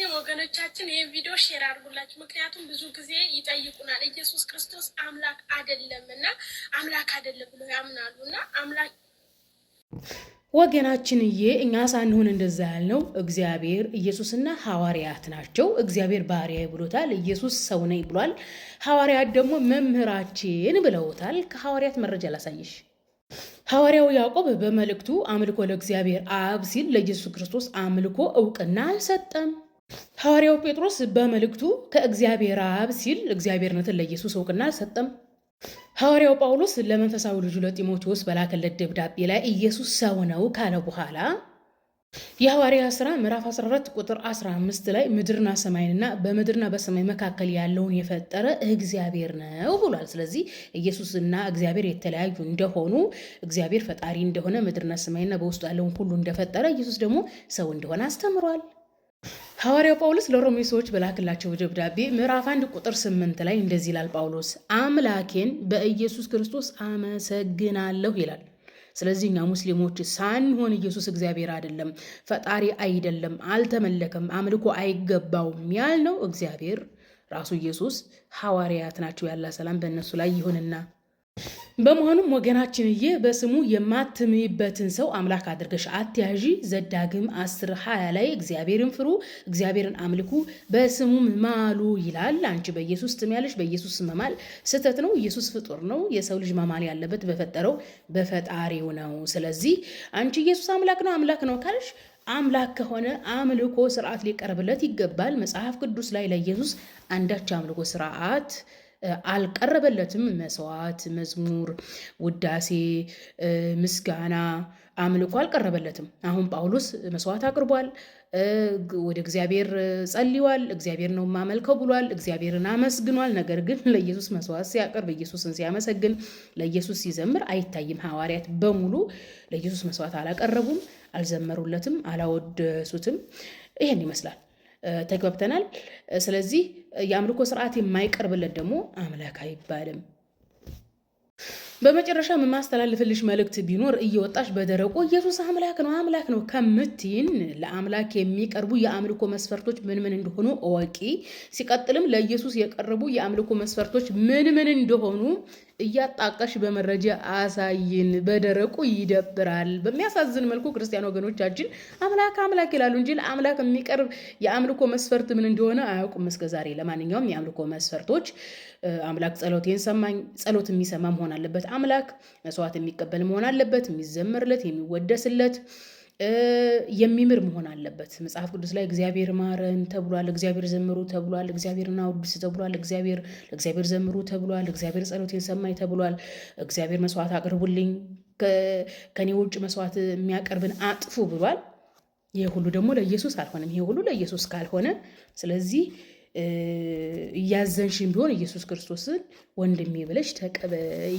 ሙስሊም ወገኖቻችን ይህን ቪዲዮ ሼር አድርጉላችሁ። ምክንያቱም ብዙ ጊዜ ይጠይቁናል ኢየሱስ ክርስቶስ አምላክ አይደለም እና አምላክ አይደለም ብሎ ያምናሉ እና አምላክ ወገናችንዬ እኛ ሳንሆን እንደዛ ያልነው እግዚአብሔር ኢየሱስና ሐዋርያት ናቸው። እግዚአብሔር ባሪያ ብሎታል። ኢየሱስ ሰው ነኝ ብሏል። ሐዋርያት ደግሞ መምህራችን ብለውታል። ከሐዋርያት መረጃ ላሳይሽ። ሐዋርያው ያዕቆብ በመልእክቱ አምልኮ ለእግዚአብሔር አብ ሲል ለኢየሱስ ክርስቶስ አምልኮ እውቅና አልሰጠም። ሐዋርያው ጴጥሮስ በመልእክቱ ከእግዚአብሔር አብ ሲል እግዚአብሔርነትን ለኢየሱስ እውቅና ሰጠም። ሐዋርያው ጳውሎስ ለመንፈሳዊ ልጁ ለጢሞቴዎስ በላከለት ደብዳቤ ላይ ኢየሱስ ሰው ነው ካለ በኋላ የሐዋርያ ሥራ ምዕራፍ 14 ቁጥር 15 ላይ ምድርና ሰማይንና በምድርና በሰማይ መካከል ያለውን የፈጠረ እግዚአብሔር ነው ብሏል። ስለዚህ ኢየሱስና እግዚአብሔር የተለያዩ እንደሆኑ እግዚአብሔር ፈጣሪ እንደሆነ ምድርና ሰማይና በውስጡ ያለውን ሁሉ እንደፈጠረ ኢየሱስ ደግሞ ሰው እንደሆነ አስተምሯል። ሐዋርያው ጳውሎስ ለሮሜ ሰዎች በላክላቸው ደብዳቤ ምዕራፍ አንድ ቁጥር ስምንት ላይ እንደዚህ ይላል። ጳውሎስ አምላኬን በኢየሱስ ክርስቶስ አመሰግናለሁ ይላል። ስለዚህ እኛ ሙስሊሞች ሳንሆን ኢየሱስ እግዚአብሔር አይደለም፣ ፈጣሪ አይደለም፣ አልተመለከም፣ አምልኮ አይገባውም ያልነው እግዚአብሔር ራሱ ኢየሱስ ሐዋርያት ናቸው። ያላ ሰላም በእነሱ ላይ ይሁንና በመሆኑም ወገናችንዬ በስሙ የማትምይበትን ሰው አምላክ አድርገሽ አትያዢ። ዘዳግም አስር ሀያ ላይ እግዚአብሔርን ፍሩ፣ እግዚአብሔርን አምልኩ፣ በስሙም ማሉ ይላል። አንቺ በኢየሱስ ስም ያለሽ በኢየሱስ መማል ስህተት ነው። ኢየሱስ ፍጡር ነው። የሰው ልጅ መማል ያለበት በፈጠረው በፈጣሪው ነው። ስለዚህ አንቺ ኢየሱስ አምላክ ነው አምላክ ነው ካልሽ አምላክ ከሆነ አምልኮ ስርዓት ሊቀርብለት ይገባል። መጽሐፍ ቅዱስ ላይ ለኢየሱስ አንዳች አምልኮ ስርዓት አልቀረበለትም። መስዋዕት፣ መዝሙር፣ ውዳሴ፣ ምስጋና፣ አምልኮ አልቀረበለትም። አሁን ጳውሎስ መስዋዕት አቅርቧል። ወደ እግዚአብሔር ጸልዋል። እግዚአብሔር ነው የማመልከው ብሏል። እግዚአብሔርን አመስግኗል። ነገር ግን ለኢየሱስ መስዋዕት ሲያቀርብ፣ ኢየሱስን ሲያመሰግን፣ ለኢየሱስ ሲዘምር አይታይም። ሐዋርያት በሙሉ ለኢየሱስ መስዋዕት አላቀረቡም፣ አልዘመሩለትም፣ አላወደሱትም። ይህን ይመስላል። ተግባብተናል። ስለዚህ የአምልኮ ስርዓት የማይቀርብለት ደግሞ አምላክ አይባልም። በመጨረሻ የማስተላልፍልሽ መልእክት ቢኖር እየወጣሽ በደረቁ ኢየሱስ አምላክ ነው አምላክ ነው ከምትይን ለአምላክ የሚቀርቡ የአምልኮ መስፈርቶች ምን ምን እንደሆኑ እወቂ። ሲቀጥልም ለኢየሱስ የቀረቡ የአምልኮ መስፈርቶች ምን ምን እንደሆኑ እያጣቀሽ በመረጃ አሳይን። በደረቁ ይደብራል። በሚያሳዝን መልኩ ክርስቲያን ወገኖቻችን አምላክ አምላክ ይላሉ እንጂ ለአምላክ የሚቀርብ የአምልኮ መስፈርት ምን እንደሆነ አያውቁም እስከ ዛሬ። ለማንኛውም የአምልኮ መስፈርቶች አምላክ ጸሎቴን ሰማኝ፣ ጸሎት የሚሰማ መሆን አለበት። አምላክ መስዋዕት የሚቀበል መሆን አለበት፣ የሚዘመርለት፣ የሚወደስለት የሚምር መሆን አለበት። መጽሐፍ ቅዱስ ላይ እግዚአብሔር ማረን ተብሏል፣ እግዚአብሔር ዘምሩ ተብሏል፣ እግዚአብሔር አውድስ ተብሏል፣ እግዚአብሔር ለእግዚአብሔር ዘምሩ ተብሏል፣ እግዚአብሔር ጸሎቴን ሰማኝ ተብሏል፣ እግዚአብሔር መስዋዕት አቅርቡልኝ ከኔ ውጭ መስዋዕት የሚያቀርብን አጥፉ ብሏል። ይሄ ሁሉ ደግሞ ለኢየሱስ አልሆነም። ይሄ ሁሉ ለኢየሱስ ካልሆነ ስለዚህ እያዘንሽን ቢሆን ኢየሱስ ክርስቶስን ወንድሜ ብለሽ ተቀበይ።